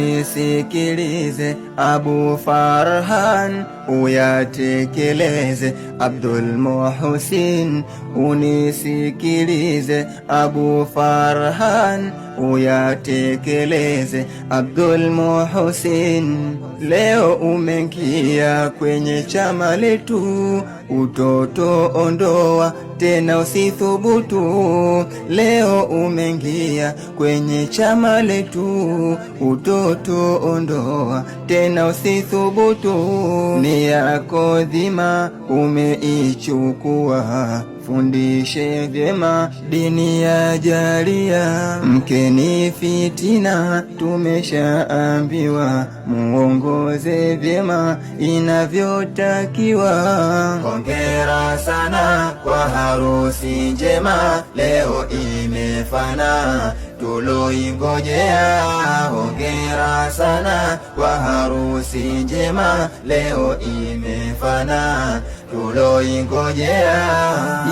Nisikilize Abu Farhan, uyatekeleze. Abdul Muhsin, unisikilize Abu Farhan uyatekeleze. Abdul Muhsin, leo umengia kwenye chama letu, utoto ondoa tena usithubutu. Leo umengia kwenye chama letu, utoto ondoa tena usithubutu. Ni yako dhima umeichukua, fundishe vyema dini ya jaria mke ni fitina tumeshaambiwa, muongoze vyema inavyotakiwa. Hongera sana kwa harusi njema, leo imefana tuloingojea. Hongera sana kwa harusi njema, leo imefana tuloingojea.